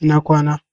Ina kwana